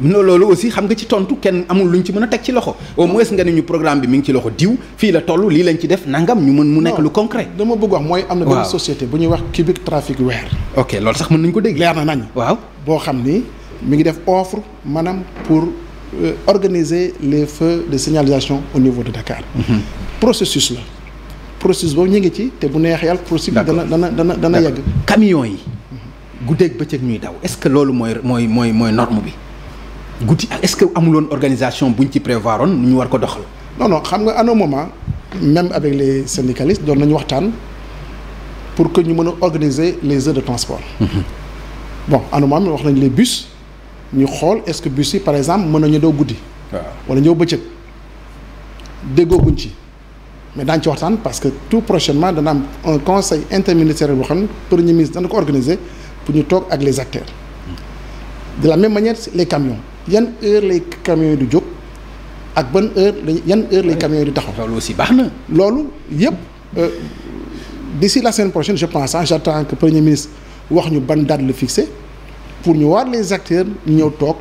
mun non loolu aussi xam nga ci tontu kenn amul luñ ci mën a teg ci loxo au moins nga ne ñu programme bi mi ngi ci loxo diw fii la toll lii lañ ci def nangam ñu mën mu nekk lu concret. dama bëgg wax mooy am na benn société bu ñuy wax cubic trafic weer. ok loolu sax mën nañ ko dégg. leer na nañ. xam ni mi ngi def offre maanaam pour euh, organiser les feux de au niveau de Dakar. Mhm. processus la processus boobu ñu ngi ci te bu neex yàlla. processus dana dana dana dana yegg. camion yi gu guddeeg bëccëg ñuy daw est-ce que loolu mooy mooy mooy mooy norme bi. guddi ak est-ce que amuloon organisation buñ ci prévoir nu ñu war ko doxal. non non xam nga à un moment même avec les syndicalistes doon nañu waxtaan pour que ñu mën a organiser les heures de transport. Mmh. bon à un moment wax nañ les bus ñu xool est-ce que bus yi par exemple mën nañu doo guddi. wala ñëw bëccëg déggoo guñ ci. mais daañu ci waxtaan parce que tout prochainement dana am un conseil interministériel boo xam ne premier ministre dana ko organiser pour ñu toog ak les acteurs mhm. de la même manière les camions. yan heure lay camion yi du jóg ak ban heure la yan heure lay camion yi du taxaw. loolu aussi baax na. loolu yëpp euh, d'ici la semaine prochaine je pense ah j'attends que premier ministre wax ñu ban date la fixé pour ñu waar les acteurs ñu ñëw toog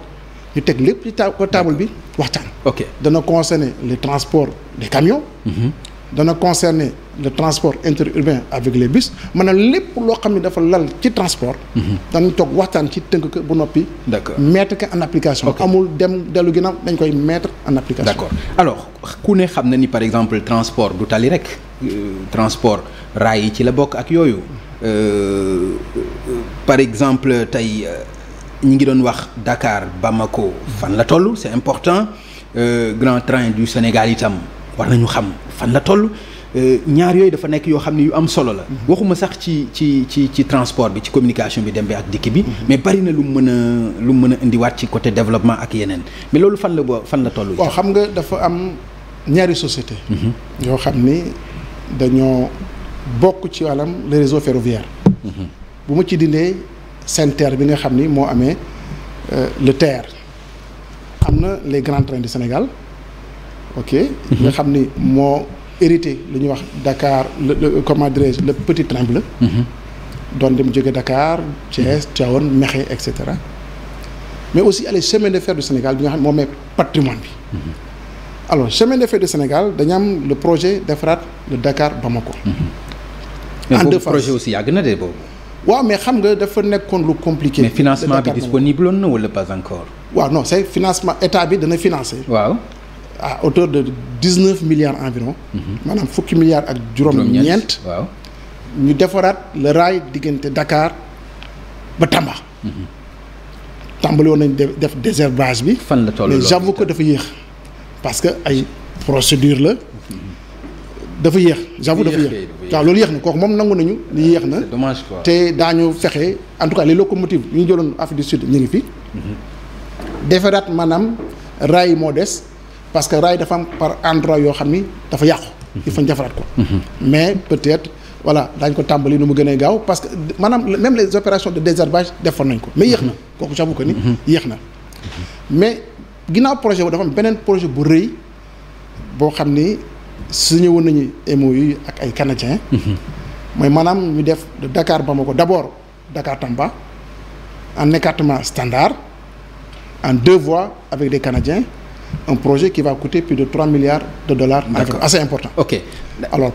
ñu teg lépp ci table bi waxtaan. ok dana concerner les transport des camions. Mm-hmm. dana concerner le transport interurbain avec les bus na lépp loo xam ne dafa lal ci transport. Mhm. dañu toog waxtaan ci tënk ko bu noppi. d'accord mettre ko en application. amul dem dellu ginnaaw dañ koy mettre en application. d'accord alors ku ne xam na ni par exemple transport du tali rek euh, transport raay yi ci la bokk ak yooyu euh, euh, par exemple tey ñi ngi doon wax Dakar Bamako fan la toll c'est important euh, grand train du Sénégal itam war nañu xam fan la toll. Euh, ñaar yooyu dafa nekk yoo xam ne yu am solo la mhm. waxuma sax ci ci ci ci transport bi ci communication bi dem bi ak dikk bi mhm. mais bari na lu mën a lu mën a indiwaat ci côté développement ak yeneen mais loolu fan la boo fan la tollu waaw xam nga dafa am ñaari société mhm. yoo xam ni dañoo bokk ci wàllam le réseau ferroviaire bu ma ci dindee SENTER bi nga xam ni moo amee euh, le TER am na les grands trains du Sénégal ok nga xam ni moo hérité lu ñuy wax dakaar le comment dirais-je le petit train bleu. Mhm. doon dem jóge dakaar Thiès Thiawane Mekhe et cetera mais aussi aller chemin de fer du Sénégal bi nga xam ne moom mooy patrimoine bi. Mhm. alors chemin de fer dañu am le projet defaraat le Dakar Bamako. Mhm. en deux phases projet aussi yàgg na de boobu. waaw mais xam nga dafa nekkoon lu compliqué. mais financement bi disponible na wala pas encore. waaw non c'est financement état bi dana financer. waaw. à hauteur de dix neuf milliards environ. Mhm. maanaam fukki milliards ak juróom-ñeent. ñu defaraat le rail diggante Dakar ba Tamba. Mhm. tàmbali woon nañ def désherbage bi. fan la toll mais j'avoue que dafa yéex. parce que ay procédure la. dafa yéex j'avoue dafa yéex waaw loolu yéex na kooku moom nangu nañu li yéex na te daañu fexe en tout cas les ñu jëloon Afrique du Sud ñu ngi fi mhm. defaraat maanaam raay moo des parce que raay dafa am par endroit yoo xam ni dafa yàqu. il faut ñu ko. Mhm. mais peut-être voilà dañ ko tàmbali nu mu gën a gaaw parce que maanaam même les opérations de désherbage defoon nañ ko. mais yéex na mhm. kooku j'avoue que ni. Mhm. yéex na mais ginnaaw projet bu dafa am beneen projet bu rëy boo xam ni signé woon nañu MOU ak ay canadiens. mooy maanaam ñu def de Dakar Bamako d'abord Dakar Tamba en écartement standard en deux voies avec de canadiens. un projet qui va coûter plus de 3 milliards de dollars. D'accord. Assez important. OK. Alors,